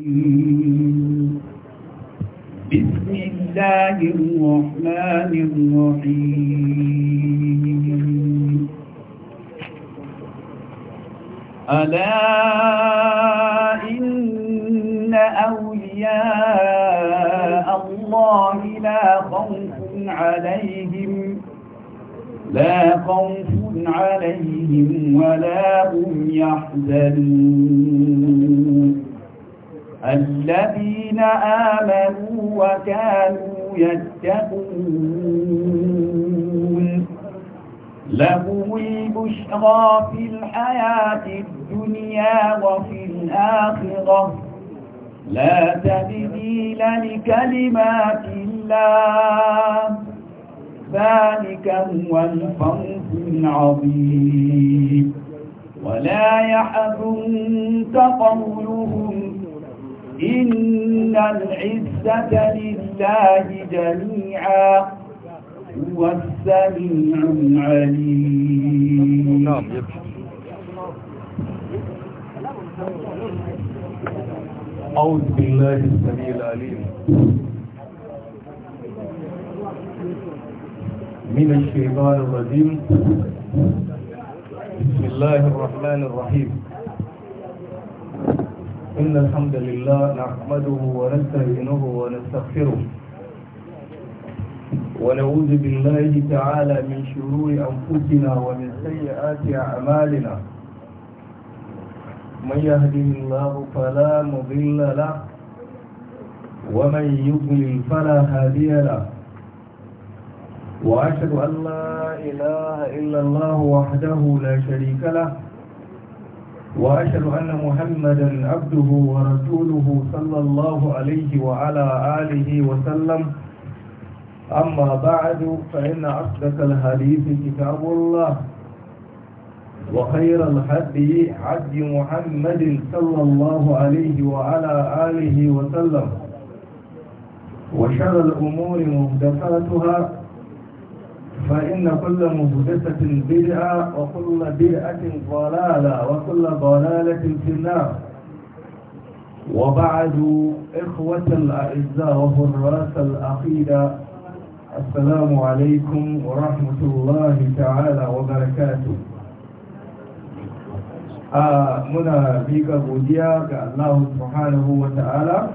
بسم الله الرحمن الرحيم ألا إن أولياء الله لا خوف عليهم لا خوف عليهم ولا هم يحزنون الذين آمنوا وكانوا يتقون لهم البشرى في الحياة الدنيا وفي الآخرة لا تبديل لكلمات الله ذلك هو الفوز العظيم ولا يحزنك قولهم إن العزة لله جميعا هو السميع العليم نعم أعوذ بالله السميع العليم من الشيطان الرجيم بسم الله الرحمن الرحيم إن الحمد لله نحمده ونستهينه ونستغفره ونعوذ بالله تعالى من شرور أنفسنا ومن سيئات أعمالنا من يهده الله فلا مضل له ومن يضلل فلا هادي له وأشهد أن لا إله إلا الله وحده لا شريك له وأشهد أن محمدا عبده ورسوله صلى الله عليه وعلى آله وسلم أما بعد فإن أصدق الحديث كتاب الله وخير الحدي عبد محمد صلى الله عليه وعلى آله وسلم وشر الأمور مهدفاتها فإن كل مهدسة بدعة وكل بدعة ضلالة وكل ضلالة في النار وبعد إخوة الأعزاء وفراس العقيدة السلام عليكم ورحمة الله تعالى وبركاته آه، منا بيك بوديا الله سبحانه وتعالى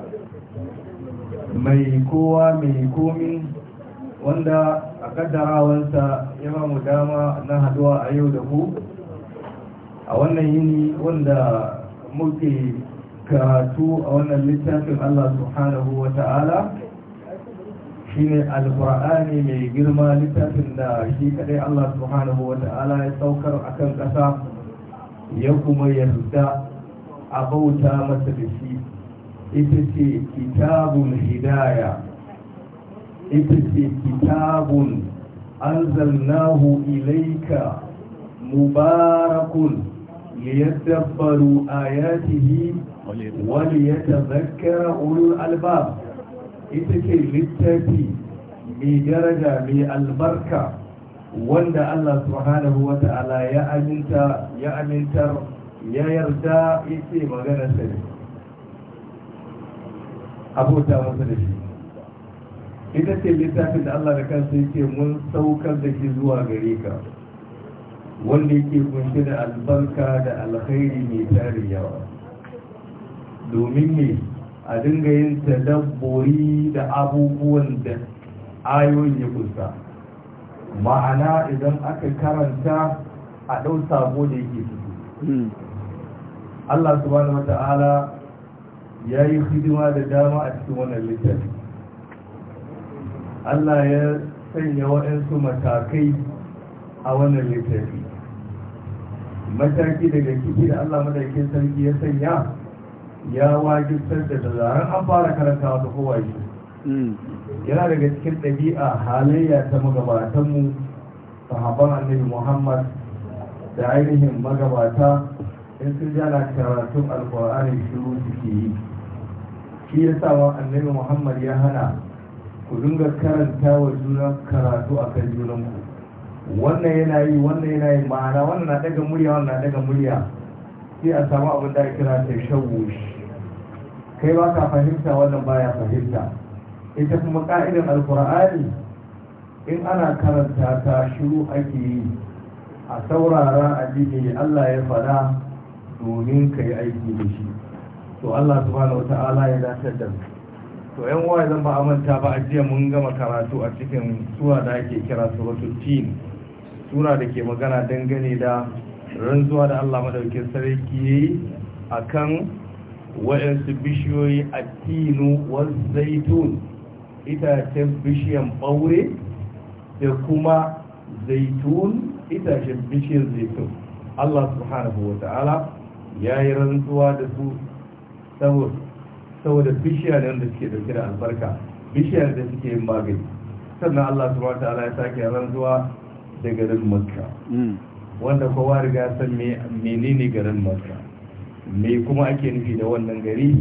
ميكوا ميكومي وندا a kaddarawansa ya ba mu dama na haduwa a yau da ku a wannan yini wanda muke karatu a wannan littafin Allah subhanahu wa ta'ala shi ne alfura'ani mai girma littafin da shi kadai Allah subhanahu wa ta'ala ya saukar a kan ƙasa ya kuma yarda a bauta masa da shi ita ce kitabun hidaya ita kitabun anzalnahu ilayka mubarakun liyadabbaru ayatihi wal yatadhakkara ulul albab ita ke littafi mai daraja mai albarka wanda Allah subhanahu wa ta'ala ya aminta ya amintar ya yarda ita magana sai abota da shi ita ce littafin da Allah da kansa yake mun saukar da shi zuwa gare ka wanda yake kunshi da albarka da alkhairi mai tarin yawa domin ne a dinga yin tadabburi da abubuwan da ayoyin ya kusa ma'ana idan aka karanta a ɗau sabo da yake fito hmm. Allah subhanahu ta'ala ya yi hidima da dama a cikin wannan littafi Allah ya sanya waɗansu matakai a wannan littafi mataki daga ciki da Allah madaikin sarki ya sanya ya wajibtar da zaren an fara karantawa ta kowa shi hmm. yana daga cikin ɗabi'a halayya ta magabatanmu sahabban annabi muhammad da ainihin magabata in sun jana karatun alkur'ani shiru suke yi shi ya sa wa annabi muhammad ya hana ku dinga karanta wa juna karatu a kan junanku wannan yana yi wannan yana yi ma'ana wannan na daga murya wannan na daga murya sai a samu abin da kira ta kai ba ka fahimta wannan baya fahimta ita kuma ka'idan alkur'ani in ana karanta ta shiru ake yi a saurara addini Allah ya fada domin ka yi aiki da shi to Allah subhanahu wa ta'ala ya dace da mu to yan wa zan ba amanta ba ajiya mun gama karatu a cikin suwa da ake kira suratul tin sura da ke magana dangane da rantsuwa da Allah madaukakin sarki yayi akan wayansu bishiyoyi attinu waz zaitun ce bishiyan baure da kuma zaitun ce bishiyar zaitun Allah subhanahu wa ta'ala ya yi rantsuwa da su saboda saboda bishiya ne wanda suke dauke da albarka bishiyar da suke yin magani sannan Allah subhanahu ta'ala ya sake rantsuwa da garin Makka hmm. wanda kowa riga san me menene garin Makka me kuma ake nufi da wannan gari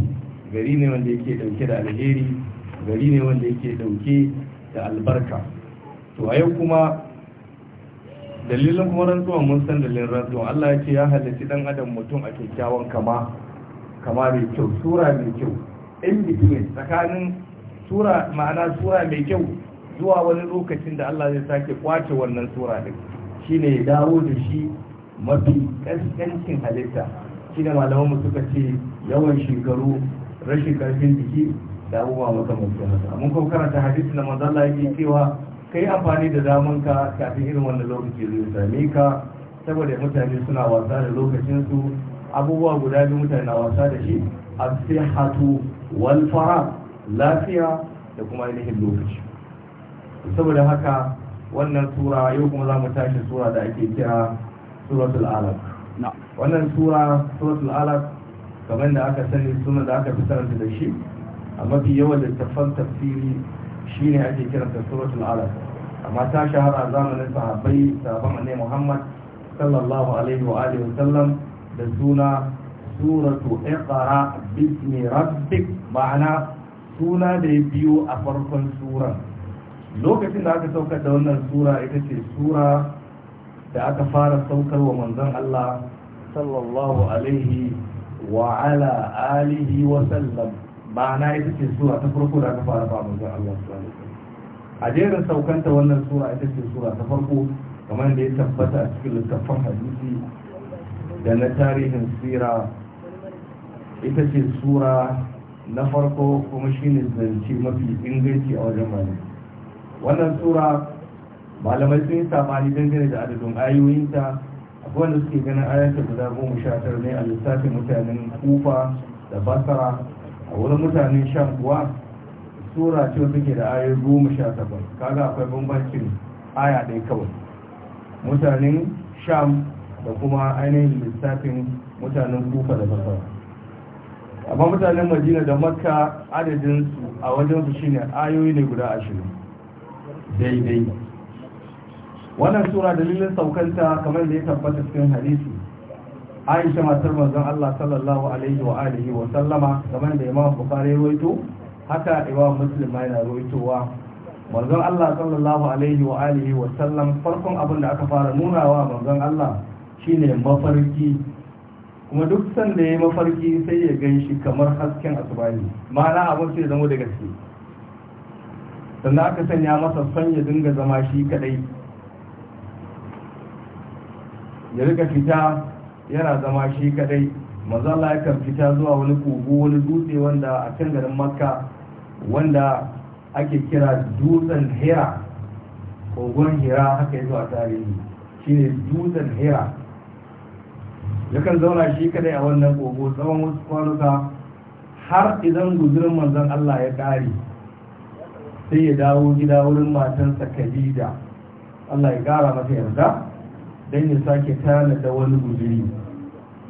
gari ne wanda yake dauke da alheri gari ne wanda yake dauke da albarka to a yau kuma dalilin kuma rantsuwa mun san dalilin rantsuwa Allah ya ce ya halitta dan adam mutum a kyakkyawan kama kama mai kyau sura mai kyau in between tsakanin sura ma'ana sura mai kyau zuwa wani lokacin da Allah zai sake kwace wannan sura din shine ya dawo da shi mafi kaskancin halitta shi malaman mu suka ce yawan shekaru rashin karfin jiki da abubuwa makamantan haka mun kuma karanta hadisi na manzo Allah yake cewa kai amfani da daman ka kafin irin wannan lokaci zai same ka saboda mutane suna wasa da lokacinsu abubuwa guda biyu mutane na wasa da shi sai asihatu walfaha lafiya da kuma ainihin lokaci saboda haka wannan sura yau kuma za mu tashi sura da ake kira suratul alaq wannan sura suratul alaq kamar da aka sani suna da aka fitar da shi a mafi yawan littattafan tafsiri shine ake kiranta suratul alaq amma ta shahara zamanin sahabbai sahabban annabi Muhammad sallallahu alaihi wa alihi da suna suratu iqra bismi rabbik ma'ana suna da ya biyo a farkon sura lokacin da aka saukar da wannan sura ita ce sura da aka fara saukar wa manzan Allah sallallahu alaihi wa ala alihi wa sallam ma'ana ita ce sura ta farko da aka fara fara manzan Allah a jerin saukanta wannan sura ita ce sura ta farko kamar da ya tabbata a cikin littattafan hadisi da na tarihin sira ita ce sura na farko kuma shi ne zance mafi inganci a wajen malamai wannan sura malamai sun yi sabani dangane da adadin ayoyinta akwai wanda suke ganin ayyarta guda goma sha tara ne a lissafin mutanen kufa da basara a wurin mutanen shan kuwa sura ce suke da ayoyi goma sha takwas kaga akwai bambancin aya ɗaya kawai mutanen sham da kuma ainihin lissafin mutanen kufa da basara amma mutanen madina da makka adadinsu a wajensu shine ayoyi ne guda ashirin daidai wannan sura dalilin saukanta kamar da ya tabbata cikin hadisi aisha matar manzon Allah sallallahu alaihi wa alihi wa sallama kamar da imam bukhari ruwaito haka imam muslim ma yana ruwaitowa manzon Allah sallallahu alaihi wa alihi wa sallam farkon abin da aka fara nunawa manzon Allah shine mafarki kuma duk sanda ya yi mafarki sai ya gan shi kamar hasken asubani ma'ana abin sai zama da gaske sannan aka sanya masa son ya dinga zama shi kadai ya rika fita yana zama shi kadai mazala kan fita zuwa wani kogo wani dutse wanda a can garin makka wanda ake kira dutsen hira kogon hira haka yi zuwa tarihi shine dutsen hira yakan zauna shi kadai a wannan kogo tsawon wasu kwanuka har idan guzurin manzon Allah ya kare sai ya dawo gida wurin matansa Khadija Allah ya gara masa yarda don ya sake tana da wani guzuri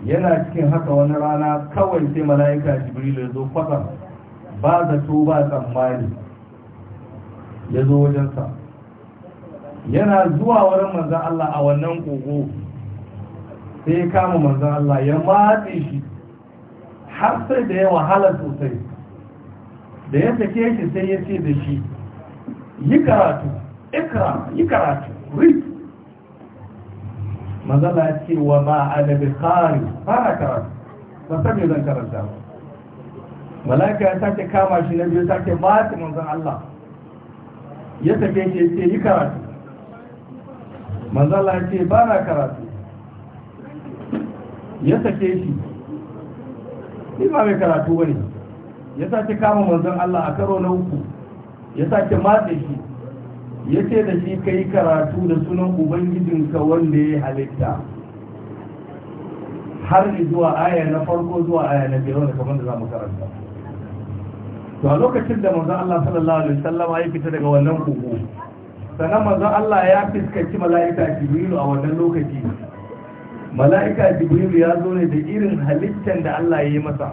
yana cikin haka wani rana kawai sai mala'ika Jibril ya zo kwatsam ba zato ba tsammani ya zo wajensa yana zuwa wurin manzon Allah a wannan kogo sai ya kama manzan Allah ya matse shi har sai da ya wahala sosai da ya sake shi sai ya ce da shi yi karatu ikra yi karatu manzan Allah ya ce wa ba a da bukari fara karatu ba sami zan karanta ba malaka ya sake kama shi na biyu sake matse manzan Allah ya sake shi ya ce yi karatu manzan Allah ya ce ba na karatu ya sake shi ni ba mai karatu wani ya sake kama manzon Allah a karo na uku ya sake matse shi ya ce da shi ka yi karatu da sunan ubangijinka wanda ya halitta har zuwa aya na farko zuwa aya na biyar da kamar da za mu karanta to a lokacin da manzon Allah sallallahu alaihi wasallam ya fita daga wannan kogo sannan manzon Allah ya fiskanci mala'ika Jibril a wannan lokaci mala'ika jibril ya zo ne da irin halittar da Allah ya yi masa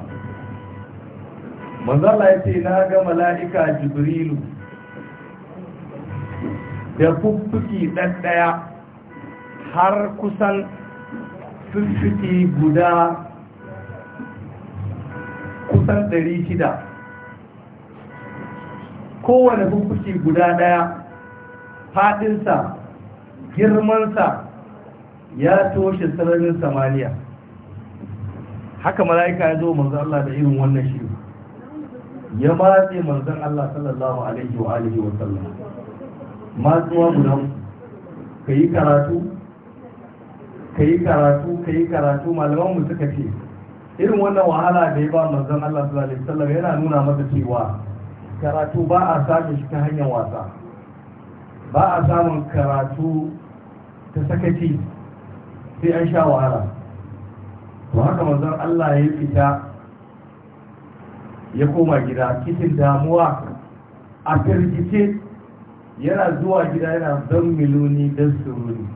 manzo Allah ya ce na ga mala'ika jibrilu da fuffuki ɗaɗɗaya har kusan fuffuki guda kusan ɗari shida kowane fuffuki guda ɗaya faɗinsa girmansa ya toshe sararin samaniya haka mala'ika ya zo manzan Allah da irin wannan shi ya matse manzan Allah sallallahu alaihi wa alihi wa sallam matsuwa guda ka yi karatu ka yi karatu ka yi karatu malaman mu suka ce irin wannan wahala da ya ba manzan Allah sallallahu alaihi wa sallam yana nuna masa cewa karatu ba a samun shi ta hanyar wasa ba a samun karatu ta sakaci sai an sha wahala to haka manzon Allah ya fita ya koma gida cikin damuwa a firgice yana zuwa gida yana don miloni don suruni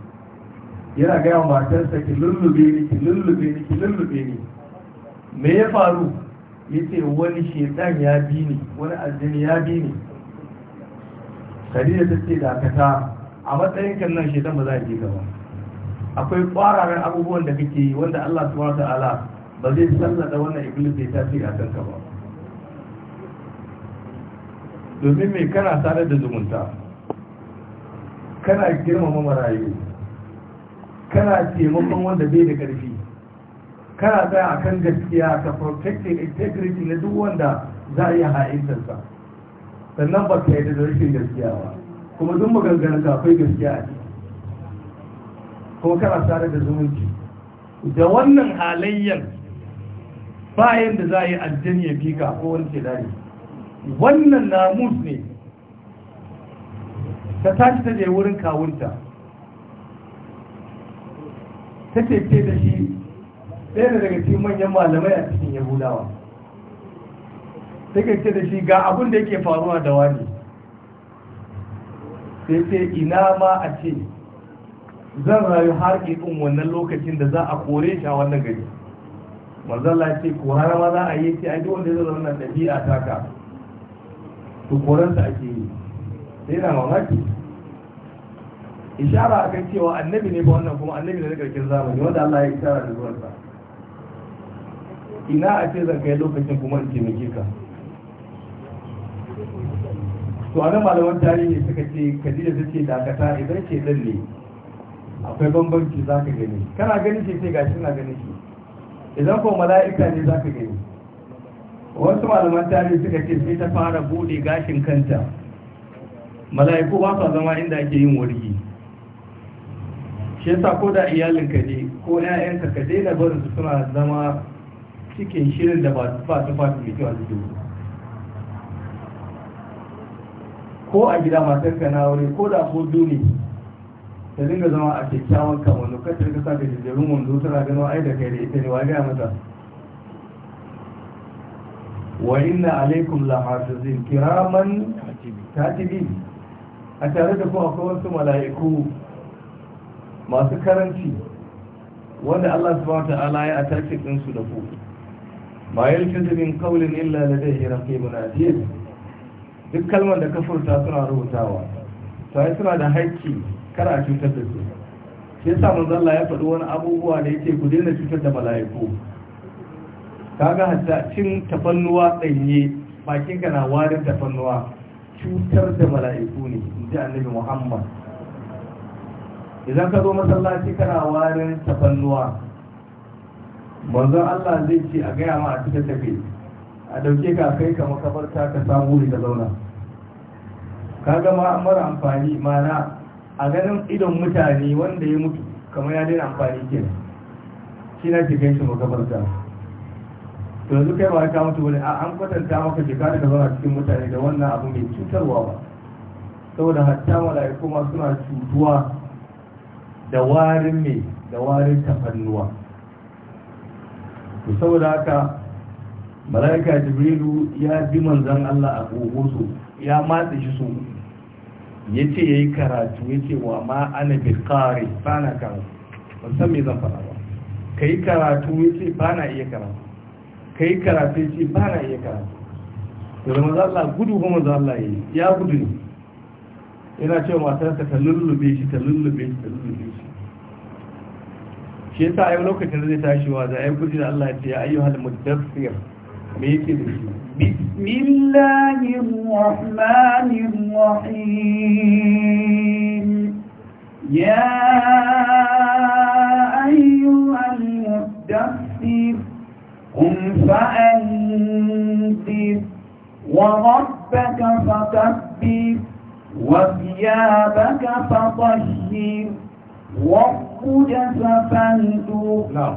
yana gaya wa matarsa ki lullube ni ki lullube ni ki lullube ni me ya faru ya ce wani shekan ya bi ni wani aljini ya bi ni khadija ta ce dakata a matsayin kan nan shekan ba za a je gaba akwai ƙwararren abubuwan da kake yi wanda Allah wata ala ba zai sallada wannan iblis ya tafi a kanka ba domin mai kana sadar da zumunta kana girmama marayu kana taimakon wanda bai da ƙarfi kana tsaya a kan gaskiya ka protected integrity na duk wanda za a iya ha'intarsa sannan ba ka yi da rashin gaskiya ba kuma duk maganganun akwai gaskiya a ciki ko kana tare da zumunci da wannan halayyar bayan da za a yi aljani ya fika ko wani dare wannan namus ne ta tashi ta je wurin kawunta ta ce ce da shi ɗaya daga cikin manyan malamai a cikin yahudawa ta ce da shi ga abin da yake faruwa da wani sai ce ina ma a ce zan rayu har ikin wannan lokacin da za a kore shi a wannan gari manzala ce korara ma za a yi ce aji wanda zai zauna a taka to koransa ake yi sai na mamaki ishara a kan cewa annabi ne ba wannan kuma annabi ne na karkin zamani wanda Allah ya ishara da zuwansa ina a ce zan kai lokacin kuma in taimake ka to a nan malaman tarihi suka ce kadija ta ce dakata idan ce dan ne akwai bambanci za ka gani kana ganin shi sai ga shi na ganin shi idan ko mala'ika ne za ka gani wasu malaman tarihi suka ce sai ta fara bude gashin kanta mala'iku ba sa zama inda ake yin wargi shi yasa ko da iyalinka ne ko 'ya'yanka ka daina barin su suna zama cikin shirin da ba ba su mai kyau a jikin ko a gida matarka na wuri ko da ko duni ta dinga zama a kyakkyawan kamar lokacin ka sa da jirgin wando tana gano ai da kai da ita ne wa gaya mata wa inna alaikum la hafizin kiraman katibi a tare da ku akwai wasu mala'iku masu karanci wanda Allah subhanahu ta'ala ya attach din su da ku ma yalfizu min qawlin illa ladayhi raqibun atid duk kalmar da ka furta suna rubutawa sai suna da haƙƙi kara a cutar da su shi sa manzo ya faɗi wani abubuwa da yake ku daina cutar da mala'iku kaga hatta cin tafannuwa ɗanye bakin ka na warin tafannuwa cutar da mala'iku ne in ji annabi Muhammad idan ka zo masallaci kana warin tafannuwa manzon Allah zai ce a gaya ma a cikin tafi a dauke ka kai ka makabarta ka samu wuri ka zauna ka gama mara amfani mana a ganin idon mutane wanda ya mutu kamar ya daina amfani ke shi na ke kai shi ta to yanzu kai ba kama mutu a an kwatanta maka jika da zauna cikin mutane da wannan abu mai cutarwa ba saboda hatta mala'iku ma suna cutuwa da warin mai da warin tafannuwa to saboda haka mala'ika jibrilu ya bi manzan Allah a su ya matsa shi su ya ce ya yi karatu ya ce wa ma ana bilkari ba na karatu ban san me zan fara ba ka yi karatu ya ce ba na iya karatu ka yi karatu ya ce ba na iya karatu to da maza Allah gudu kuma maza Allah ya yi ya gudu ne yana ce matarsa ta lullube shi ta lullube shi ta lullube shi shi yasa a yau lokacin da zai tashi wa za a yi gudu da Allah ya ce ya ayyuhal muddassir me yake da shi بسم الله الرحمن الرحيم يا أيها المدثر قم فأنذر وربك فكبر وثيابك فطهر والرجز فانتر نعم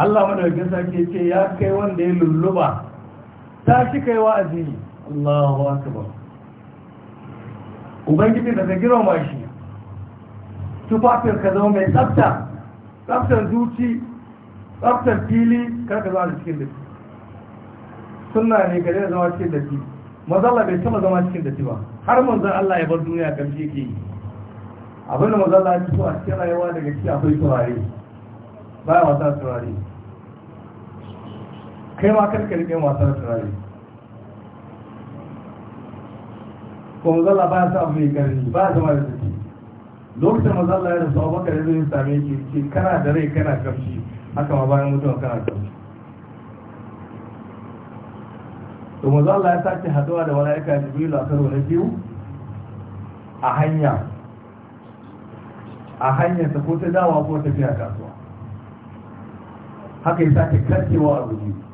الله من يقول لك يا كي وان دي للبا ta shi kai wa'azi ne Allahu akbar ubangiji da girma ma shi tufafin ka zama mai tsafta tsaftar zuci tsaftar fili kar ka zama cikin dafi suna ne gare da zama cikin dafi mazalla bai taba zama cikin dafi ba har manzan Allah ya bar duniya kamshi ke yi abinda mazalla ya fito a cikin rayuwa daga ciki akwai turare baya wata turare kai ma karka rike masu turare kuma zalla ba sa abu mai karni ba zama da ce lokacin mazalla ya rasu abokan ya zai same ki ce kana da rai kana kamshi haka ma bayan mutuwa kana kamshi to mazalla ya sake haduwa da aika da biyu karo na biyu a hanya a hanyarsa ko ta dawa ko tafiya kasuwa haka ya sake karkewa a guji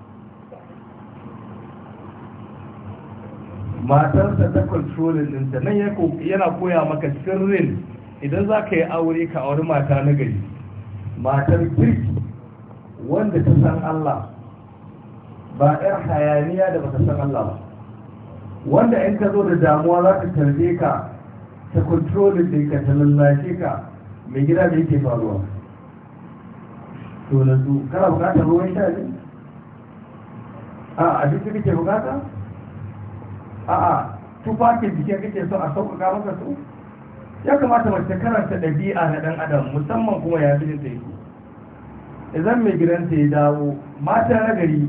matarsa ta controlling ɗinta nan yana koya maka sirrin idan za ka yi aure ka auri mata na gari matar kirki wanda ta san Allah ba ɗan hayaniya da bata san Allah ba wanda in ka zo da damuwa za ta tarbe ka ta controlling ɗinka ta lallashe ka mai gida da yake faruwa to na zu kana bukatar ruwan sha ne a abinci kake bukata a'a tufafin jikin kake so a sauƙaƙa maka su ya kamata mace karanta ɗabi'a na ɗan adam musamman kuma ya fi yake idan mai gidanta ya dawo mata na gari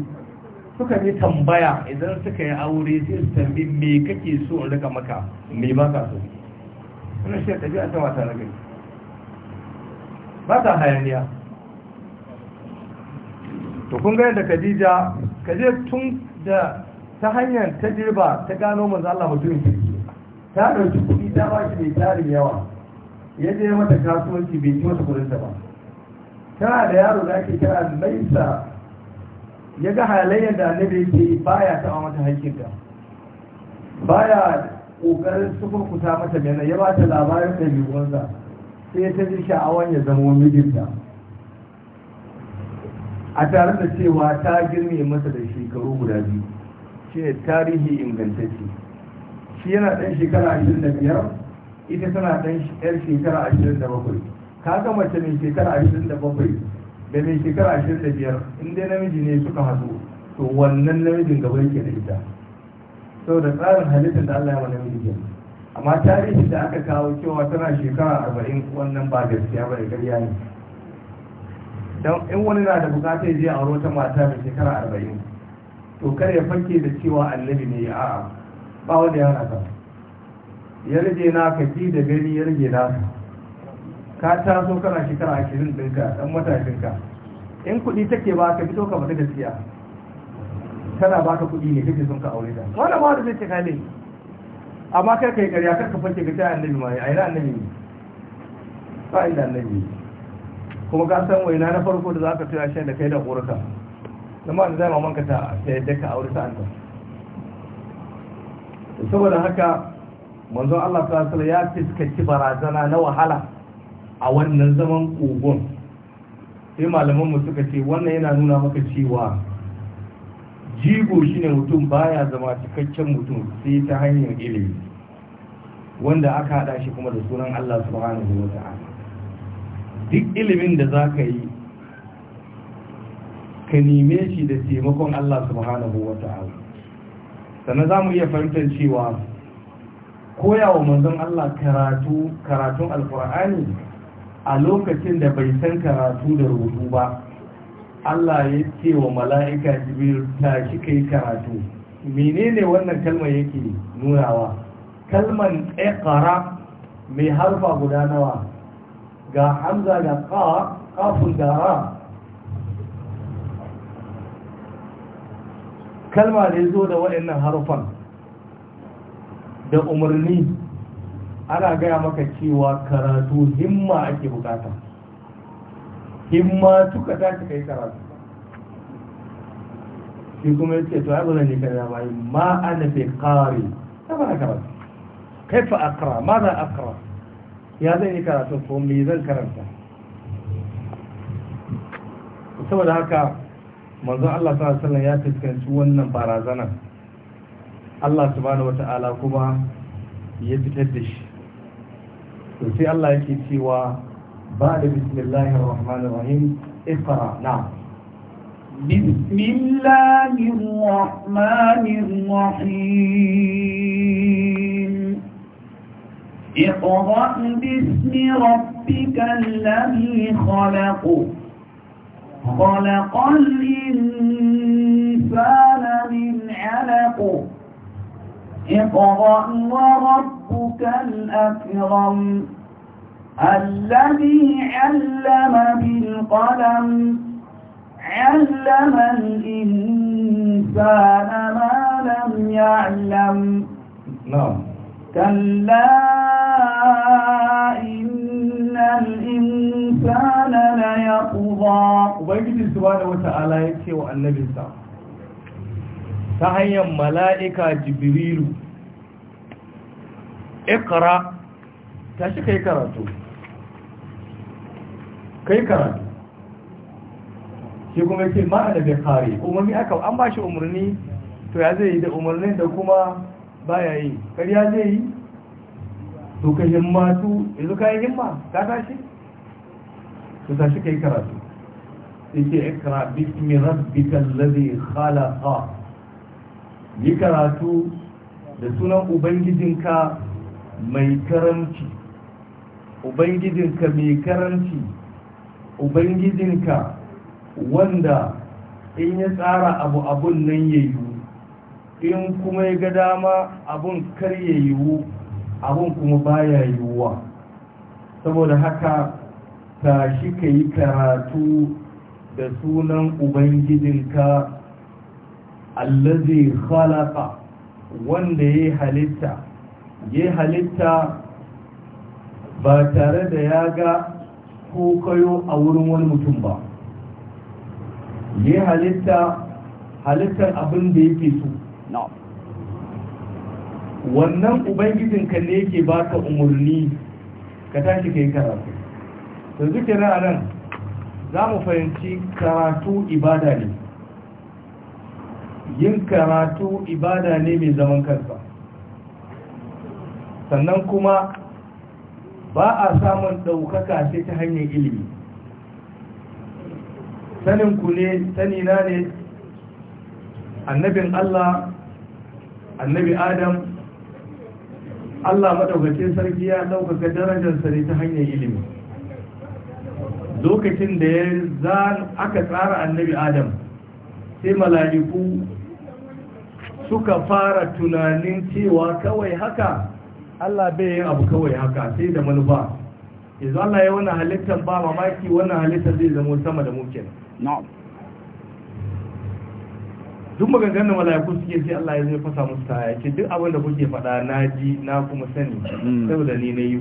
suka yi tambaya idan suka yi aure sai su tambi me kake so in rika maka me ba ka so wannan shi ɗabi'a ta mata na gari ba ta hayaniya to kun ga yadda Khadija kaje tun da ta hanyar ta tajriba ta gano maza Allah mutumin kirki ta ɗauki kuɗi ta ba shi mai tarin yawa ya je mata kasuwanci bai ci mata ta ba tana da yaro da ake kira laisa ya ga halayyar da annabi yake baya taɓa mata haƙƙinta baya ƙoƙarin sukurkuta mata mena ya ba ta labarin ɗabi'unsa sai ta ji sha'awar ya zama mijinta a tare da cewa ta girme masa da shekaru guda biyu shine tarihi ingantacce shi yana ɗan shekara ashirin da biyar ita tana ɗan yar shekara ashirin da bakwai ka ga mace mai shekara ashirin da bakwai da mai shekara ashirin da biyar in dai namiji ne suka haɗu to wannan namijin gaba yake da ita saboda tsarin halittar da Allah ya wani namiji kenan amma tarihi da aka kawo cewa tana shekara arba'in wannan ba gaskiya ba da ƙarya ne don in wani na da bukatar je a wata mata mai shekara arba'in to kar ya fake da cewa annabi ne a ba wanda ya haka ya rage na ka ji da gani ya rage na ka taso kana shekara ashirin ɗinka ɗan matashinka in kuɗi take ba ka fito ka faɗi gaskiya kana baka kuɗi ne kake son ka aure da wannan ba da zai ce ne amma kar kai ƙarya kar ka fake ga ta annabi ma ai annabi ne ba inda annabi kuma ka san waina na farko da zaka tuya shan da kai da ƙorka zama da zai mamanka ta yadda ka aure sa'anta saboda haka manzon Allah sallallahu ya fiskanci barazana na wahala a wannan zaman kogon sai malaman mu suka ce wannan yana nuna maka cewa jigo shine mutum baya zama cikakken mutum sai ta hanyar ilimi wanda aka hada shi kuma da sunan Allah subhanahu wa ta'ala duk ilimin da za ka yi ka nime shi da taimakon Allah subhanahu wa ta'ala sannan za mu iya fahimtar cewa koyawa manzon Allah karatu karatun alkur'ani a lokacin da bai san karatu da rubutu ba Allah ya ce wa mala'ika jibril ta shi kai karatu menene wannan kalmar yake nunawa kalman ƙara mai harfa guda nawa ga hamza da ƙafin da ra kalma da ya zo da waɗannan harufan da umarni ana gaya maka cewa karatu himma ake bukata himma tuka ta ka yi karatu shi kuma ce to abu zan yi kaza ba ma ma'ana fi kare ta ba karatu kai fa aqra ma za aqra ya zan yi karatu ko me zan karanta saboda haka manzon Allah sallallahu alaihi ya fuskanci wannan barazana Allah subhanahu wata'ala kuma ya fitar da shi to sai Allah yake cewa ba da bismillahir rahmanir rahim iqra na'am bismillahir rahmanir rahim اقرأ باسم ربك الذي خلقه خلق الإنسان من علق اقرأ وربك الأكرم الذي علم بالقلم علم الإنسان ما لم يعلم نعم كلا إن الإنسان الإنسان ليطغى وبنجد سبحانه wa annabinsa ta hanyar mala’ika ملائكة جبريل ta tashi kai karatu kai karatu shi kuma yake ma'ana bai kare umarni aka an ba shi umarni to ya zai yi da umarnin da kuma baya yi kariya zai yi to ka himmatu yanzu ka yi himma ka tashi ta shi kai karatu yake ikra bismi rabbikal ladhi khalaqa yi karatu da sunan ubangijinka mai karanci ubangijinka mai karanci ubangijinka wanda in ya tsara abu abun nan ya in kuma ya ga dama abun kar ya yiwu abun kuma baya yiwuwa saboda haka tashi ka yi karatu da sunan ubangijinka allazi khalaqa wanda ya halitta ya halitta ba tare da ya ga ko kayo a wurin wani mutum ba ya halitta halittar abin da yake so wannan ubangijinka ne yake baka umarni ka tashi ka yi karatu yanzu kenan a nan za mu fahimci karatu ibada ne yin karatu ibada ne mai zaman kansa sannan kuma ba a samun ɗaukaka sai ta hanyar ilimi saninku ne sanina ne annabin Allah annabi Adam Allah maɗaukacin sarki ya ɗaukaka darajarsa ne ta hanyar ilimi lokacin da ya zan aka tsara annabi adam sai mala'iku suka fara tunanin cewa kawai haka Allah bai yin abu kawai haka sai da manufa izu Allah ya wani halittar ba mamaki wani halittar zai zama sama da mukin duk maganganun mala'iku suke sai Allah ya zai fasa musu ya yake duk abinda kuke faɗa na ji na kuma sani mm. saboda ni na yi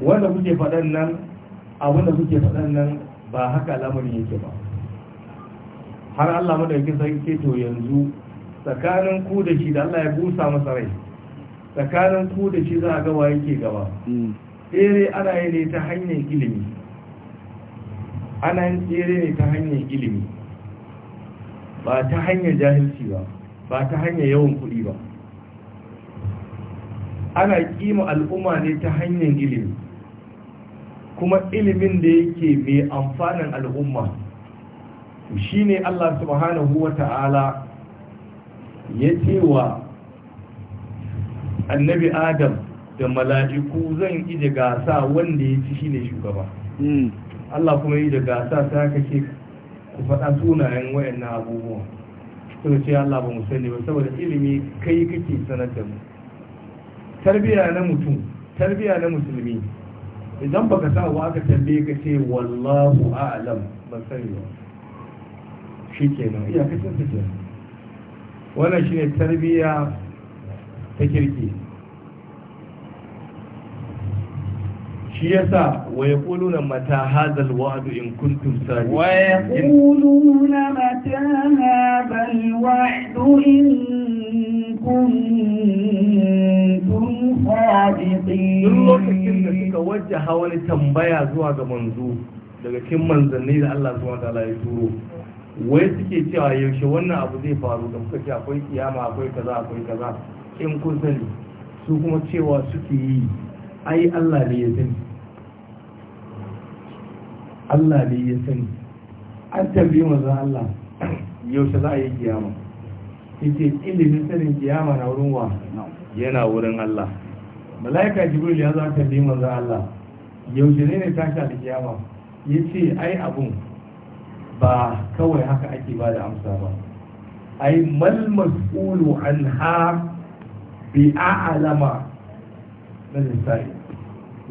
wanda kuke faɗan nan abin da kuke faɗan nan ba haka lamarin yake ba har Allah madaukakin sarki to yanzu tsakanin ku da shi da Allah ya busa masa rai tsakanin ku da shi za a gawa yake gaba hmm. tsere ana yi ne ta hanyar ilimi ana yin tsere ne ta hanyar ilimi ba ta hanyar jahilci ba ba ta hanyar yawan kuɗi ba ana kima al'umma ne ta hanyar ilimi kuma ilimin da yake mai amfanin al'umma shi ne Allah subhanahu wa ta'ala ya ce wa annabi adam da mala'iku zan da gasa wanda ya ci shi ne shugaba hmm. Allah kuma yi da gasa ta kashe ku faɗa sunayen wayannan abubuwa sun ce Allah ba mu sani ba saboda ilimi kai kake sanar da mu tarbiya na mutum tarbiya na musulmi idan ba ka sa wa aka tambaye ka ce wallahu a'lam ba sani ba shi kenan iyakacin ta kenan wannan shine tarbiyya ta kirki shi yasa wa yaquluna mata hadha alwa'du in kuntum sadiqin wa yaquluna mata hadha alwa'du in kuntum sadiqin duk lokacin da suka wajjaha wani tambaya zuwa ga manzo daga cikin manzanni da Allah subhanahu wataala ya turo wai suke cewa yaushe wannan abu zai faru da suka ce akwai kiyama akwai kaza akwai kaza in kun sani su kuma cewa suke yi ai Allah ne ya sani Allah ne ya sani an tambayi manzon Allah yaushe za a yi kiyama yace ilimin sanin kiyama na wurin wa yana wurin Allah malaika jibril ya zo aka bi manzo Allah yaushe ne ne tashi kiyama yace ai abun ba kawai haka ake ba da amsa ba ai mal mas'ulu anha bi a'lama na lissafi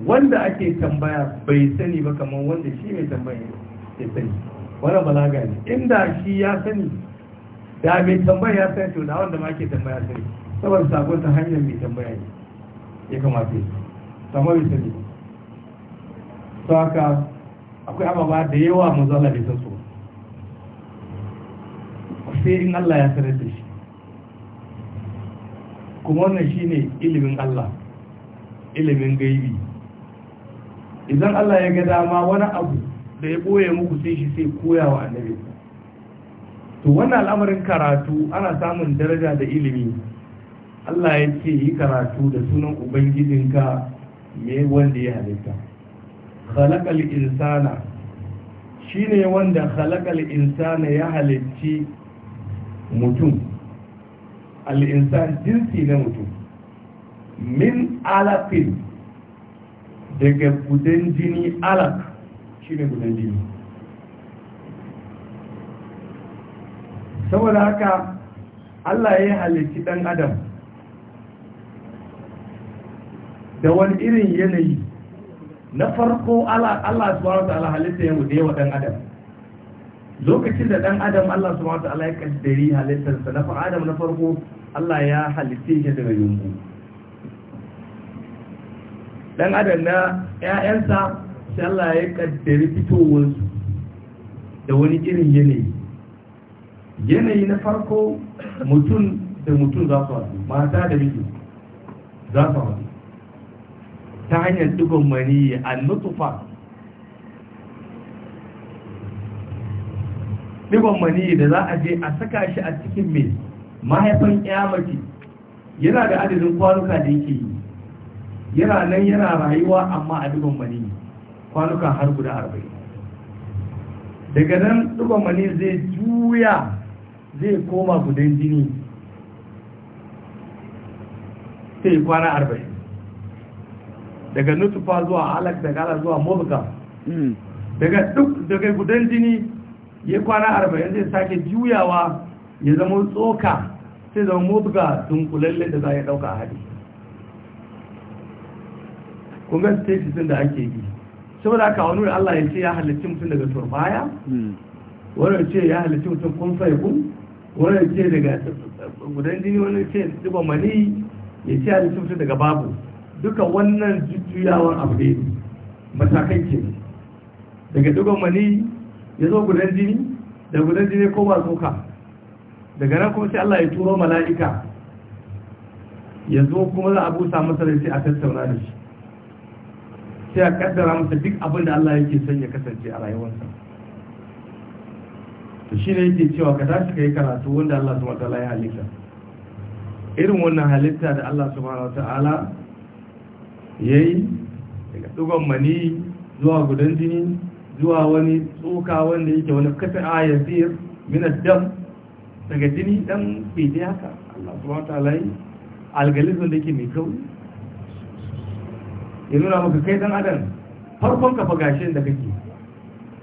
wanda ake tambaya bai sani ba kamar wanda shi mai tambaya ya sani wannan balaga ne inda shi ya sani da mai tambaya ya sani to da wanda ma ke tambaya sai saboda sabon ta hanyar mai tambaya ne ya kamata ya sama mai sani to haka akwai ababa da yawa manzo Allah bai san su sai in Allah ya sanar da shi kuma wannan shine ilimin Allah ilimin gaibi idan Allah ya ga dama wani abu da ya boye muku sai shi sai koya wa annabi to wannan al'amarin karatu ana samun daraja da ilimi Allah ya ce yi karatu da sunan ubangijinka me wanda ya halitta khalaqal insana shine wanda khalaqal insana ya halicci mutum al insan jinsi na mutum min alafin daga gudan jini alaq shine gudan jini saboda haka Allah ya halitti dan adam da wani irin yanayi na farko Allah subhanahu ta'ala halitta ya mude wa dan adam lokacin da dan adam Allah subhanahu ta'ala ya kaddari halittarsa na fara adam na farko Allah ya halitte shi daga yungu dan adam na ‘ya'yansa sai Allah ya kaddari fitowarsu da wani irin yanayi yanayi na farko mutum da mutum za su wasu, mata da miji za su wasu, ta hanyar digon mani a nutufa digon mani da za a je a saka shi a cikin mai mahaifan yamaki yana da adadin kwanuka da yake yi yana nan yana rayuwa amma a digon mani kwanuka har guda arba'in daga nan digon mani zai juya zai koma gudan jini sai kwana arba'in daga nutufa zuwa alak daga ala zuwa mobika hmm. daga duk daga gudan jini ya kwana arba'in zai sake juyawa ya zama tsoka sai zama sun dunkulalle da za a yi dauka hadi kunga stage sun da ake yi saboda aka wani Allah ya ce ya halittu mutum daga turbaya hmm. wani ya ce ya halittu mutum kun sai kun wani ce daga gudan jini wani ce zuba mani ya ce a cikin daga babu duka wannan jujjuyawan abu ne matakai ke daga dugon mani ya zo gudan jini da gudan jini ko ba tsoka daga nan kuma sai Allah ya turo mala'ika ya zo kuma za a busa masa da sai a tattauna da shi sai a kaddara masa duk abin da Allah yake son ya kasance a rayuwarsa to shi ne yake cewa ka tashi ka yi karatu wanda Allah su matala ya halitta irin wannan halitta da Allah subhanahu ala ya yi daga dugon mani zuwa gudan jini zuwa wani tsoka wanda yake wani kasar a yasir min dam daga jini dan fide haka Allah subhanahu wataala yi algalizun da yake mai kauri ya nuna maka kai dan adam farkon kafa gashin da kake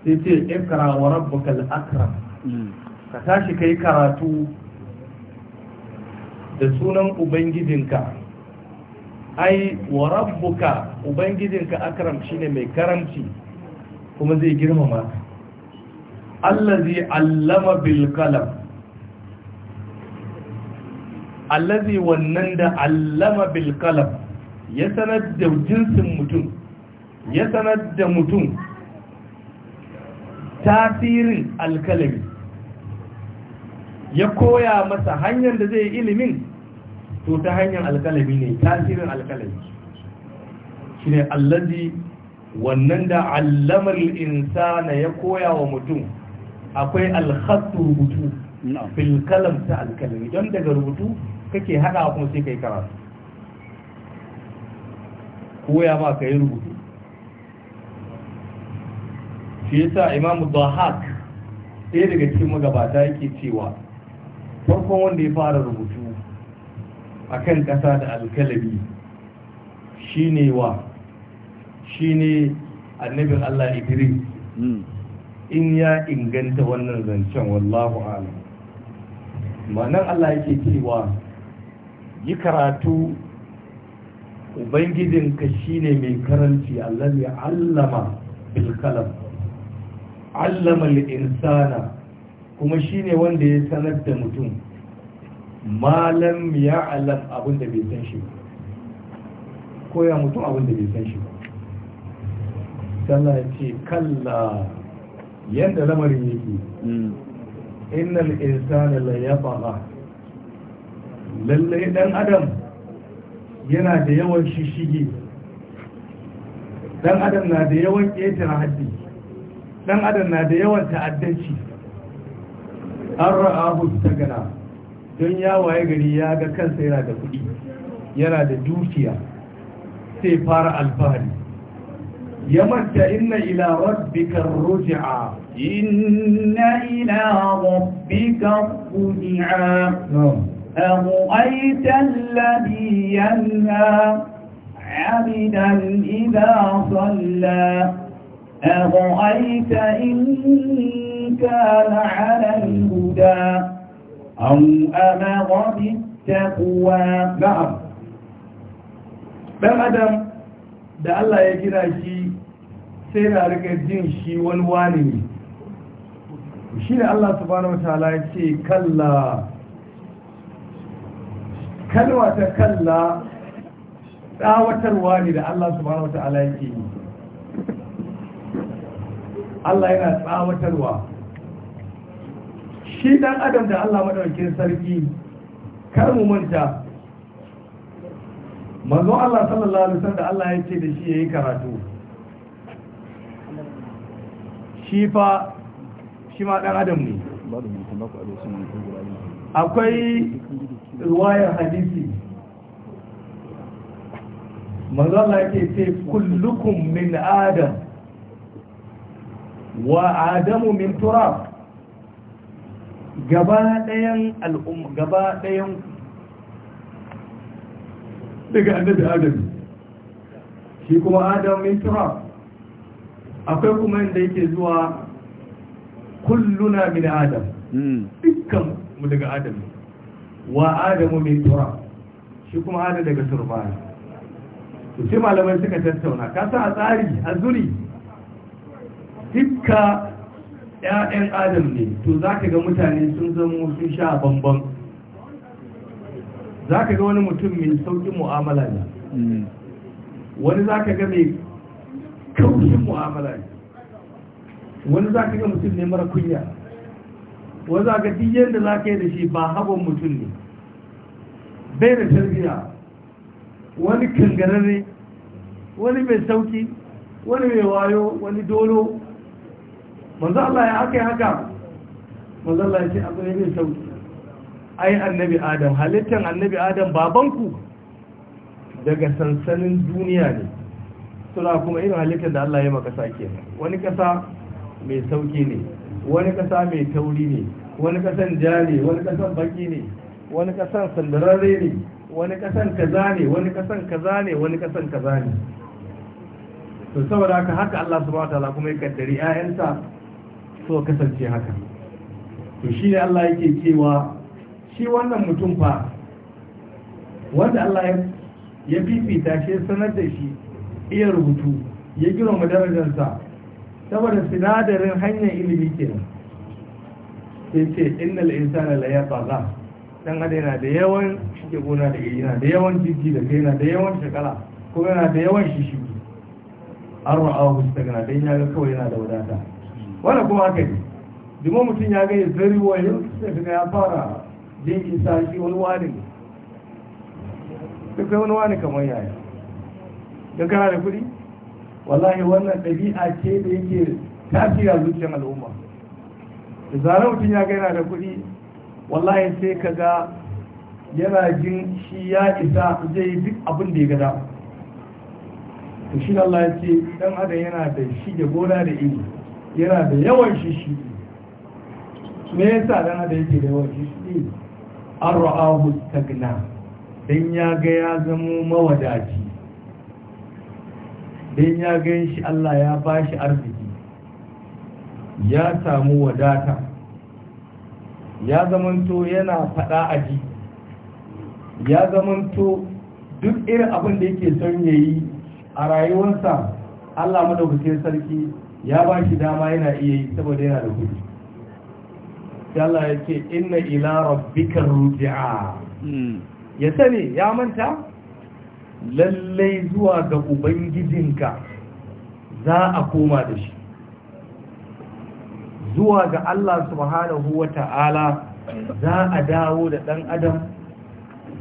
sai ce ikra wa rabbukal akram ka tashi yi karatu da sunan ubangijinka ai wa rabbuka ubangijinka akram shine mai karamci kuma zai girmama ka allazi allama bil kalam allazi wannan da allama bil kalam ya sanar da jinsin mutum ya sanar da mutum tasirin alkalami ya koya masa hanyar da zai ilimin to ta hanyar alkalami ne tasirin alkalami shi ne allazi wannan da allamar insana ya koya wa mutum akwai alhattu rubutu filkalam ta alkalami don daga rubutu kake haɗa kuma sai kai karatu koya ma ka yi rubutu shi yasa imamu dhahak ɗaya daga cikin magabata yake cewa farkon wanda ya fara rubutu a kan ƙasa da shi shine wa shi ne annabin Allah Idris hmm. in ya inganta wannan zancen wallahu alam manan Allah yake cewa yi karatu ubangijinka shine mai karanci ya allama bil kalam allama al insana kuma shi ne wanda ya sanar da mutum malam ya alam abin da bai san shi ko ya mutum abin da bai san shi sallah ce kalla yadda lamarin yake innal insana la yabgha lalle dan adam yana da yawan shishige dan adam na da yawan ƙetare haddi dan adam na da yawan ta'addanci an ra'ahu tagana don ya waye gari ya ga kansa yana da kuɗi yana da dukiya sai fara alfahari ya manta inna ila rabbika ruj'a inna ila rabbika ruj'a أرأيت الذي ينهى عبدا إذا صلى أرأيت إن كان على الهدى أو بالتقوى نعم adam da Allah ya gina shi sai na rika jin shi wani ne shi Allah subhanahu wa ta'ala ya ce kalwa ta kalla tsawatarwa ne da Allah Allah yana tsawatarwa shi dan adam da Allah madaukakin sarki kar mu manta manzo Allah sallallahu alaihi wasallam da Allah ya ce da shi yayi karatu shi fa shi ma dan adam ne akwai ruwayar hadisi manzo Allah yake ce kullukum min adam wa adamu min turab gaba ɗayan al'umma gaba ɗayan daga annabi adam shi kuma adam min turab akwai kuma yadda yake zuwa kulluna min adam hmm. dukkan mu daga adam wa adamu min turab shi kuma adam daga su ce malamai suka tattauna ka sa a tsari a zuri dukka ‘ya'yan adam ne to za ka ga mutane sun zama sun sha bambam za ka ga wani mutum mai sauƙin mu'amala ne wani za ka ga mai kaushin mu'amala ne wani za ka ga mutum ne mara kunya wani za ka duk yadda za ka yi da shi ba haɓon mutum ne bai da tarbiyya wani kangarare wani mai sauƙi wani mai wayo wani dolo manzo Allah ya aka yi haka manzo Allah ya ce abu ne mai sauki ai annabi adam halittar annabi adam babanku daga sansanin duniya ne suna kuma irin halittar da Allah ya maka sake wani kasa mai sauki ne wani kasa mai tauri ne wani kasan jari wani kasan baki ne wani kasan sandararre ne wani kasan kaza ne wani kasan kaza ne wani kasan kaza ne to saboda haka haka Allah subhanahu wataala kuma ya kaddari 'ya'yansa so kasance haka to shi ne Allah yake cewa shi wannan mutum fa wanda Allah ya fifita shi sanar da shi iya rubutu ya girma darajarsa saboda sinadarin hanyar ilimi kenan sai ce innal insana la yatagha dan adam yana da yawan shige gona da yana da yawan jiki da kai yana da yawan shakala kuma yana da yawan shishigi an ra'ahu stagna dan ya ga kawai yana da wadata wanda kuma haka ne domin mutum ya gaya ya zari wayo sai ya fara jin sa shi wani wani ne duk kai wani wani kamar yaya don kana da kuɗi wallahi wannan ɗabi'a ce da yake tasiri a zuciyar al'umma da zarar mutum ya gaya da kuɗi wallahi sai ka ga yana jin shi ya isa zai yi duk abin da ya gada to shi Allah ya ce dan adam yana da shi da gona da iri yana da yawan shishi me yasa dan da yake da yawan shishi an ra'ahu tagna dan ya ga ya zamo mawadaci dan ya gan shi Allah ya bashi arziki ya samu wadata ya zamanto yana fada aji ya zamanto duk irin abin da yake son yayi a rayuwarsa Allah madaukakin sarki ya ba shi dama yana iya yi saboda yana da kudi Allah ya ce ina ila rabbikar ruji'a hmm. ya sani ya manta lallai zuwa ga ubangijinka za a koma da shi zuwa ga Allah subhanahu wa ta'ala za a dawo da ɗan adam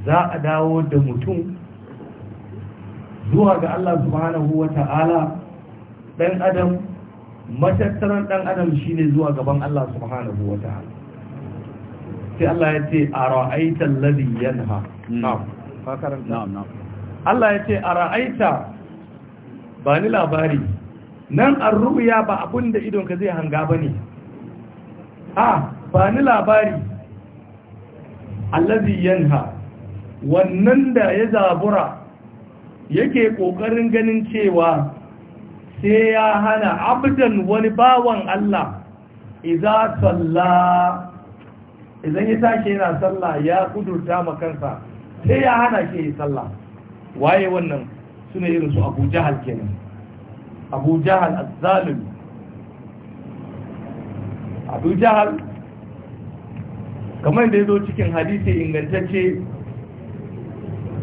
za a dawo da mutum zuwa ga Allah subhanahu wa ta'ala ɗan adam matattaran dan adam shine zuwa gaban Allah subhanahu wa ta'ala sai Allah ya ce ara'aita alladhi yanha na'am karanta na'am na'am Allah ya ce ara'aita ba ni labari nan arruya ba abinda idon ka zai hanga bane a ba ni labari alladhi yanha wannan da ya zabura yake kokarin ganin cewa sai ya hana abdan wani bawan Allah idza salla idan ya tashi yana sallah, ya kudurta makansa sai ya hana shi yi salla waye wannan suna irin su Abu Jahal kenan Abu Jahal az-zalim Abu Jahal kamar da yazo cikin hadisi ingantacce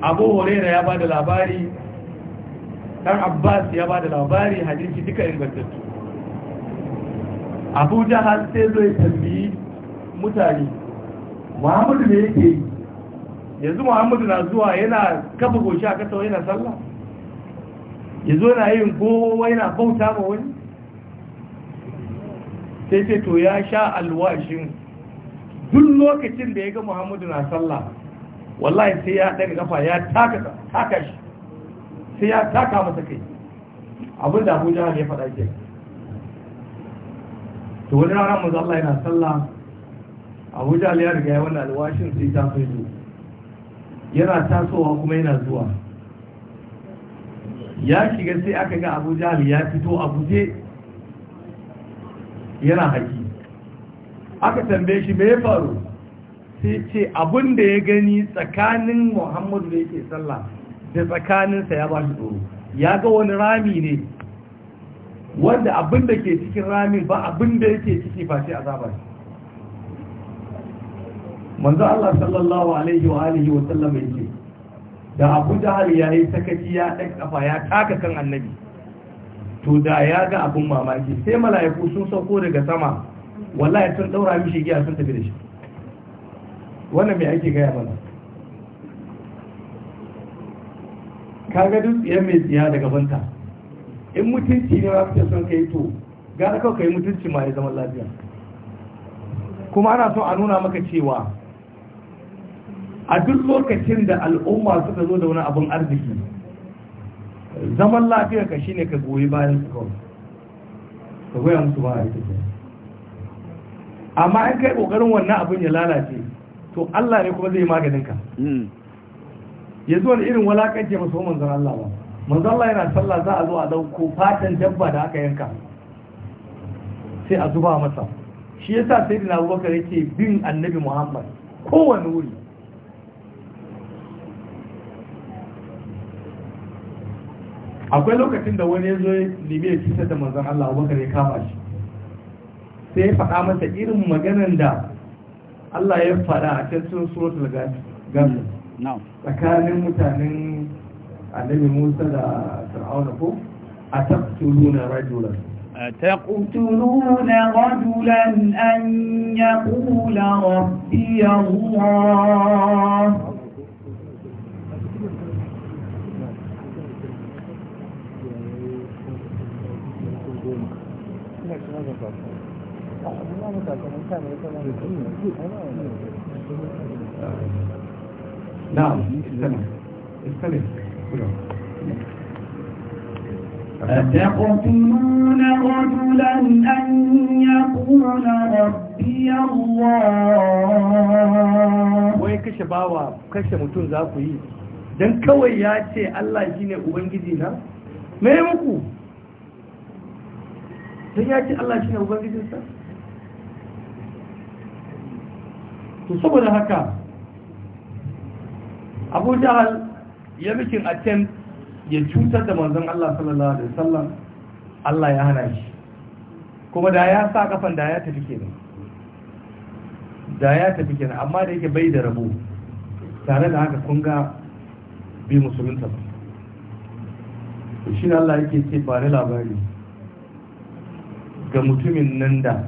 Abu Hurairah ya bada labari dan abbas ya ba da labari hadisi duka ingantattu abu jahal sai zo ya tambayi mutane muhammadu ne yake yi yanzu muhammadu na zuwa yana kafa goshi a kasa yana sallah ya zo na yin kowa yana bauta ma wani sai sai to ya sha alwashin duk lokacin da ya ga muhammadu na sallah wallahi sai ya ɗaga kafa ya taka shi sai ya taka masa kai abin da abuja ya faɗa ke to wani rana mu zalla yana sallah abuja ya riga ya wannan alwashin sai ta fi zo yana tasowa kuma yana zuwa ya shiga sai aka ga abuja ya fito a guje yana haƙi aka tambaye shi mai faru sai ce abin da ya gani tsakanin muhammadu da yake sallah da tsakaninsa ya ba shi tsoro ya ga wani rami ne wanda abin da ke cikin ramin ba abin da yake ciki face azaba manzo Allah sallallahu alaihi wa alihi wa sallam yake da Abu Jahl yayi sakaci ya dan kafa ya taka kan annabi to da ya ga abun mamaki sai mala'iku sun sauko daga sama wallahi sun daura mishi giya sun tafi da shi wannan me ake gaya mana kaga duk tsiyan mai tsiya daga banta in mutunci ne ba kake son kai to gara kawai kai mutunci ma ya zama lafiya kuma ana son a nuna maka cewa a duk lokacin da al'umma suka zo da wani abin arziki zaman lafiyar ka shine ka goyi bayan su kawai ka goya musu ba a yi amma in kai kokarin wannan abin ya lalace to Allah ne kuma zai maganin ka hmm. yanzu wani irin walakanci ba so manzon Allah ba manzon Allah yana sallah za a zo a dauko fatan dabba da aka yanka sai a zuba masa shi yasa sayyidina Abubakar yake bin annabi Muhammad kowane wuri akwai lokacin da wani ya zo nemi ya cutar da manzon Allah Abubakar ya kama shi sai ya faɗa masa irin maganan da Allah ya faɗa a cikin suratul Ghafir نعم. تكلم متامن النبي موسى لا فرعون أتقتلون رجلا أتقتلون رجلا أن يقول ربي الله نعم استمع استمع أتقتلون رجلا أن يقول ربي الله wai kashe bawa kashe mutum za ku yi don kawai ya ce Allah shi ne Ubangiji na? mai muku don ya ce Allah shi ne Ubangijinsa? to saboda haka abu jahal ya bikin attempt ya cutar da manzon Allah sallallahu alaihi wasallam Allah ya hana shi kuma da ya sa kafan da ya tafi kenan da ya tafi kenan amma da yake bai da rabo tare da haka kun ga bi musulunta ba shi ne Allah yake ce ba ni labari ga mutumin nan da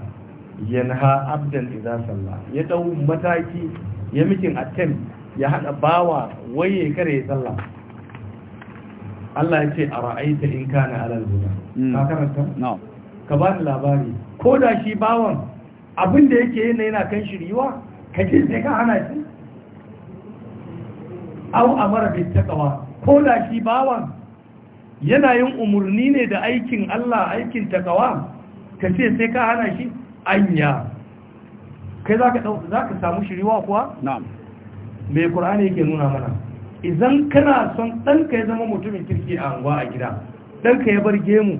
yanha abdan idan sallah ya dau mataki ya mikin attempt ya haɗa bawa waye kare ya sallah Allah ya ce a ra'aita in kana alal zina hmm. ka karanta ka ba ni labari ko da shi bawan abin da yake yana yana kan shiriwa ka ce sai ka hana shi au amara bi taqwa ko da shi bawan yana yin umurni ne da aikin Allah aikin taqwa ka ce sai ka hana shi anya kai za zaka samu shiriwa kuwa na'am mai ƙur'ani yake nuna mana idan kana son ɗanka ya zama mutumin kirki a anguwa a gida ɗanka ya bar gemu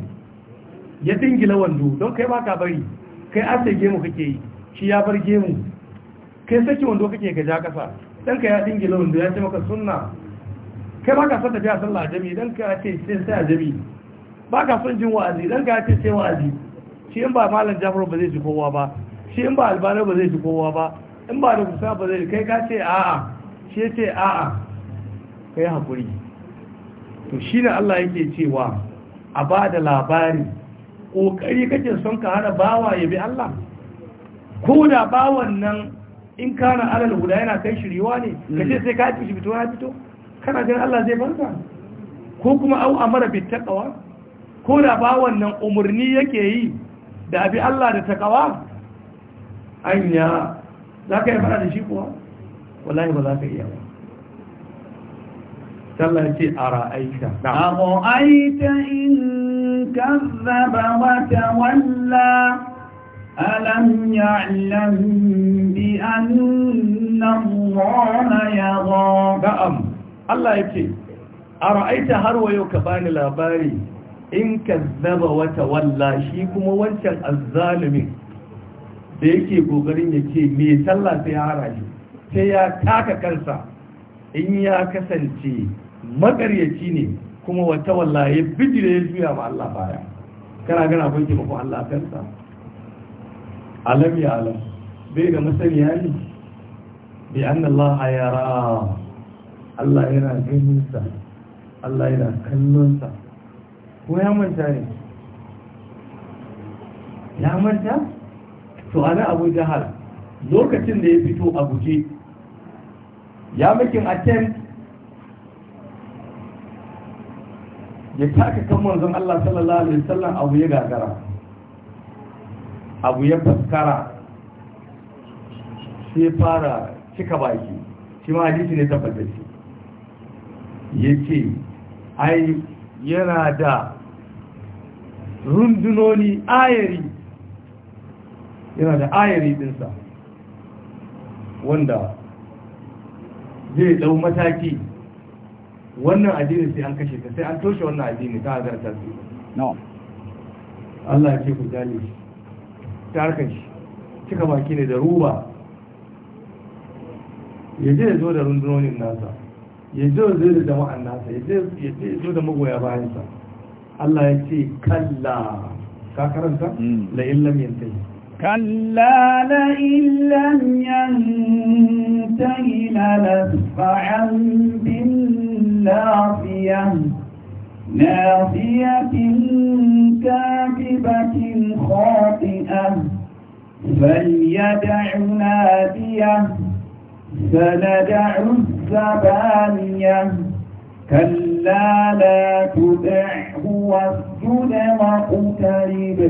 ya dingila wando don kai ba ka bari kai asa gemu kake yi shi ya bar gemu kai saki wando kake ka ja kasa ɗanka ya dingila wando ya ce maka sunna kai ba ka son tafiya sallah a jami ka ya ce sai sai a jami ba ka son jin wa'azi ɗanka ya ce sai wa'azi shi in ba malam jafaru ba zai ji kowa ba shi in ba albana ba zai ji kowa ba in ba da kusa ba zai kai ka ce a'a shi ya ce a'a ka yi haƙuri to shi ne Allah yake cewa a ba da labari ƙoƙari kake son ka hana bawa ya bi Allah ko da bawan nan in kana alal guda yana kai shiriwa ne ka ce sai ka ci shi fito ya fito kana ganin Allah zai banza ko kuma au amara bi taqwa ko da bawan nan umarni yake yi da bi Allah da taqwa anya za ka yi fara da shi kuwa wallahi ba za ka iya ba sallah ce a ra'aita a ra'aita in kazzaba wa tawalla alam ya'lam bi anna Allah yara da'am Allah yake a ra'aita har wayo ka bani labari in kazzaba wata walla shi kuma wancan azzalimin da yake kokarin yake me sallah sai ya haraji sai ya taka kansa in ya kasance makaryaci ne kuma wata wallaye bijire ya juya ma Allah baya kana gana kun ke mako Allah kansa alam ya alam bai ga masaniya ne bi anna Allah yara Allah yana ganin sa Allah yana kallon sa ko ya manta ne ya manta to ana Abu Jahal lokacin da ya fito a guje ya makin attempt ya taka kan manzon Allah sallallahu alaihi wasallam abu ya gagara abu ya faskara sai fara cika baki shi ma hadisi ne tabbata shi yace ai yana da rundunoni ayari yana da ayari dinsa wanda zai dau mataki wannan addini sai an kashe ka sai an toshe wannan addini ta azarta su na'am Allah ce ku jale shi ta harkar shi cika baki ne da ruba ya je ya zo da rundunonin nasa ya zo da jama'an nasa ya je zo da magoya bayansa Allah ya ce kalla ka karanta mm. la illam yantahi كلا لئن لم ينته لنسفعا بالناصية ناصية كاذبة خاطئة فليدع ناديه سندع الزبانية كلا لا تدعه واسجد واقترب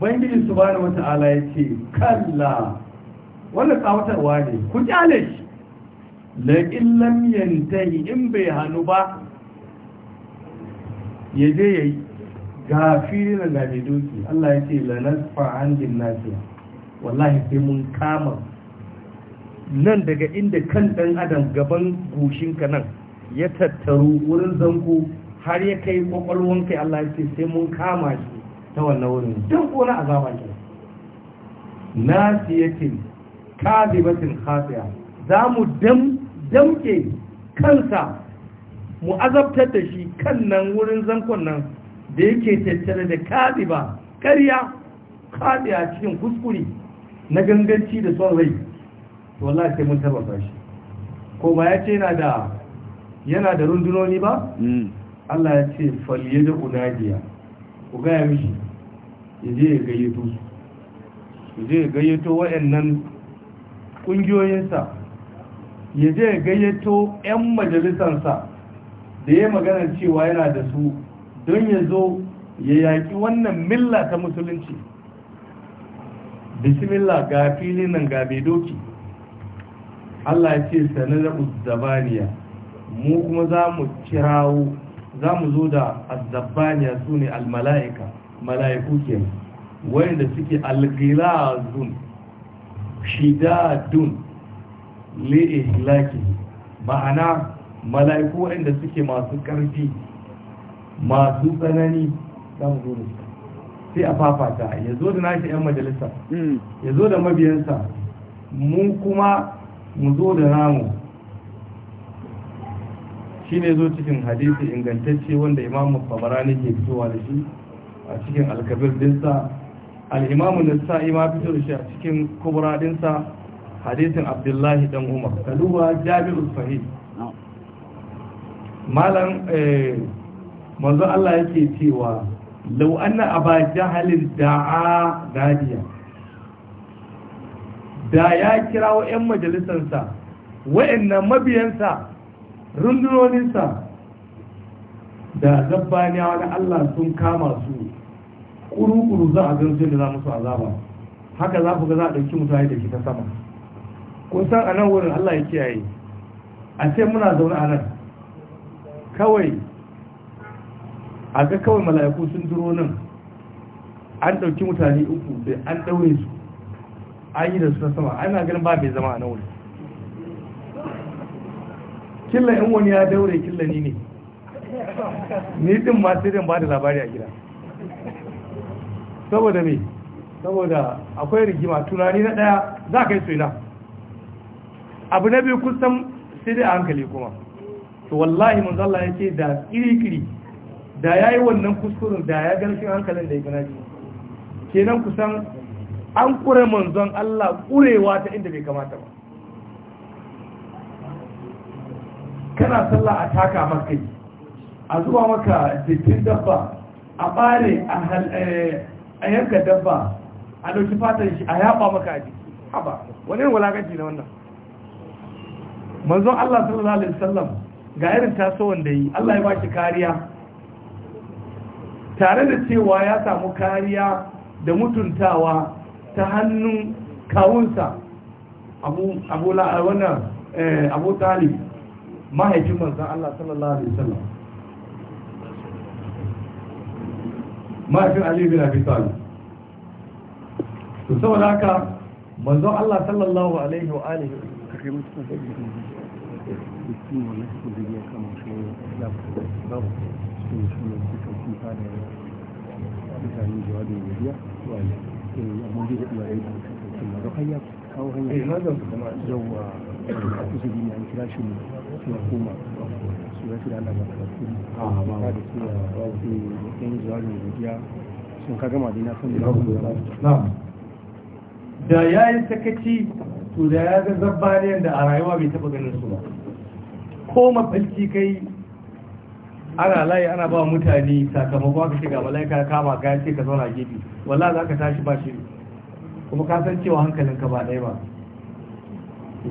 ubangiji wata wata'ala ya ce kalla wannan tsawatarwa ne ku kyale shi da lam yantai in bai hannu ba ya je ya yi gafi na gafi doki Allah ya ce lanas fa'andin nasiya wallahi sai mun kama nan daga inda kan ɗan adam gaban ka nan ya tattaru wurin zango har ya kai kwakwalwanka Allah ya ce sai mun kama shi ta wannan wurin duk wani azaba na siyatin kadibatin khasiya za mu damke kansa mu azabtar da shi kan nan wurin zankon nan da yake tattare da kadiba karya kadiya cikin kuskure na ganganci da son rai wallahi sai mun tabbata shi ko ba ya ce yana da yana da rundunoni ba mm. Allah ya ce falye da unadiya ku gaya mishi ya je ya gayyato su ya je ya gayyato waɗannan ƙungiyoyinsa ya je ya gayyato 'yan majalisansa da ya magana cewa yana da su don ya zo ya yaƙi wannan milla ta musulunci bismillah ga filin nan ga doki Allah ya ce sanar da mu kuma za mu kirawo za mu zo da azabbaniya su ne almala'ika mala'iku ke wanda suke algilazun shidadun li'ihlaki ma'ana mala'iku wanda suke masu ƙarfi masu tsanani za mu zo da su sai a fafata ya zo da nashi 'yan majalisa hmm. ya zo da mabiyansa mun kuma mu zo da namu shi ne zo cikin hadisi ingantacce wanda imamu fabarani ke fitowa da shi a cikin alkabir dinsa al'imamu nasa'i ma fito da shi a cikin kubra dinsa hadisin abdullahi dan umar kaluwa jami'ul fahim malam eh, manzo Allah yake cewa lau anna aba jahalin da'a gadiya da ya kira wa 'yan majalisarsa wa'annan mabiyansa rundunoninsa da zabbaniya na Allah sun kama su kuru-kuru za a gan da za musu azaba haka za ku ga za a ɗauki mutane da ke ta sama kun san a nan wurin Allah ya kiyaye a ce muna zaune a nan kawai a ga kawai mala'iku sun duro nan an ɗauki mutane uku da an ɗaure su an yi da su ta sama ana ganin ba mai zama a nan wurin killa in wani ya daure killa ni ne ni din ma sai ba da labari a gida saboda me saboda akwai rigima tunani na daya za ka yi soyina abu na biyu kusan sai dai a hankali kuma to wallahi mun zalla ya ce da kirikiri da yayi wannan kuskuren da ya garfin hankalin da ya gana ji kenan kusan an kure manzon Allah kurewa ta inda bai kamata ba kana sallah a taka maka a zuwa maka jikin dabba a bare eh, a yanka dabba a ɗauki fatan shi a yaba maka a jiki haba wani irin wulakanci na wannan manzon Allah sallallahu alaihi wasallam ga irin taso wanda yi Allah ya baki kariya tare da cewa ya samu kariya da mutuntawa ta hannun kawunsa abu abu la wannan eh, abu talib mahaifin manzan Allah sallallahu alaihi wasallam mahaifin Ali bin Abi Talib saboda haka manzon Allah sallallahu alaihi wa alihi kawo Ah, su ya da ya yi sakaci to da ya ga zabbaniyar da a rayuwa bai taɓa ganin su ba ko mafalki kai ana ana ba mutane sakamakon aka shiga malaika kama ka ka zauna gefe walla za ka tashi ba shi kuma ka san cewa hankalinka ba ɗaya ba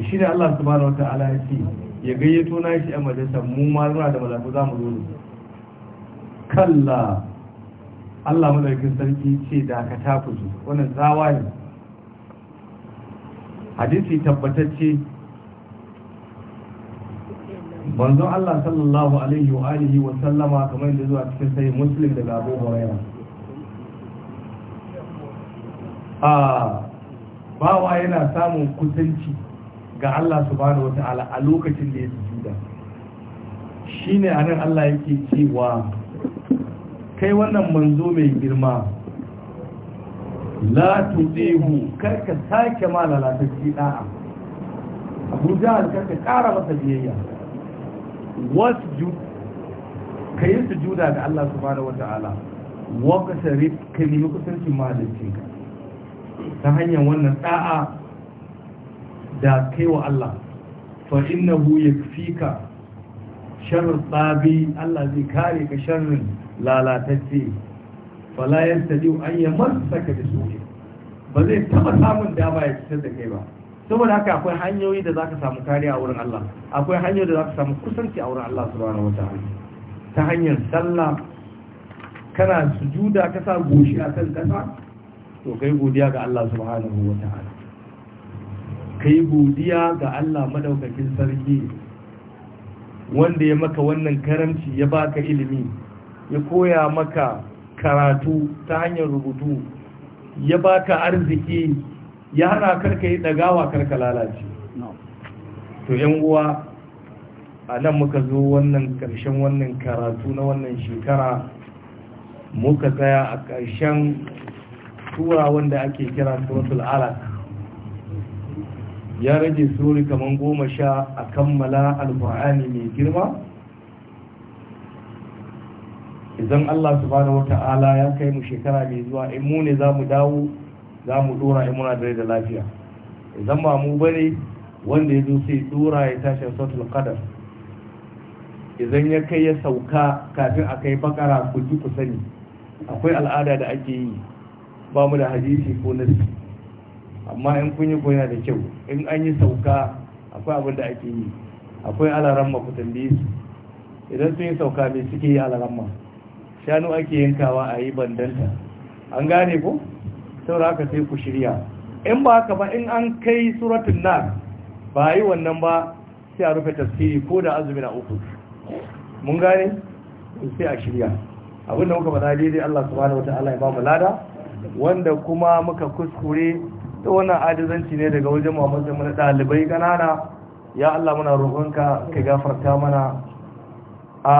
shi ne Allah subhanahu wa ta'ala ya ce ya gayyato na shi a majalisar mu ma muna da mazafi za mu zo kalla Allah madaukin sarki ce da aka tafi su wannan zawa ne hadisi tabbatacce manzon Allah sallallahu alaihi wa alihi wa sallama kamar da zuwa cikin sahih muslim daga Abu Hurairah a ah, bawa yana samun kusanci ga Allah subhanahu ta'ala a lokacin da ya sujuda shine anan Allah yake cewa kai wannan manzo mai girma la tudihu karka sake ma lalatacci da'a Abu Jahl karka kara masa biyayya wasjud kai sujuda ga Allah subhanahu wata'ala waqtarib kai ma kusancin mahaliccinka ta hanyar wannan da'a da kai wa Allah fa innahu yakfika sharr tsabi Allah zai kare ka sharrin lalatacce fala yastadiu an yamassaka da su ba zai taba samun dama ya cutar da kai ba saboda haka akwai hanyoyi da zaka samu kariya a wurin Allah akwai hanyoyi da zaka samu kusanci a wurin Allah subhanahu wataala ta hanyar sallah kana sujuda ka sa goshi akan kasa to kai godiya ga Allah subhanahu wataala ka yi godiya ga Allah madaukakin sarki wanda ya maka wannan karamci ya baka ilimi ya koya maka karatu ta hanyar rubutu ya baka arziki ya hana karka yi dagawa karka lalace to yan uwa a nan muka zo wannan karshen wannan karatu na wannan shekara muka tsaya a karshen tura wanda ake kira suratul alaq ya rage suri kamar goma sha a kammala alfa'ani mai girma idan Allah subhanahu Ta'ala ya kai mu shekara mai zuwa in mu ne za mu dawo za mu dora in muna dare da lafiya idan ba mu bane wanda ya zo sai dora ya tashi sautul qadar idan ya kai ya sauka kafin a kai bakara ku ji ku sani akwai al'ada da ake yi ba mu da hadisi ko nasi amma in kun yi ko yana da kyau in an yi sauka akwai abin da ake yi akwai alaramma ku tambaye su idan sun yi sauka mai suke yi alaramma shanu ake yankawa a yi bandanta an gane ko saura haka sai ku shirya in ba haka ba in an kai suratun nan ba a yi wannan ba sai a rufe tafsiri ko da azumi na uku mun gane sai a shirya abinda muka faɗa daidai Allah subhanahu ta'ala ya ba mu lada wanda kuma muka kuskure to wannan adizanci ne daga wajen mu a matsayin na ɗalibai ganana ya Allah muna roƙonka ka gafarta mana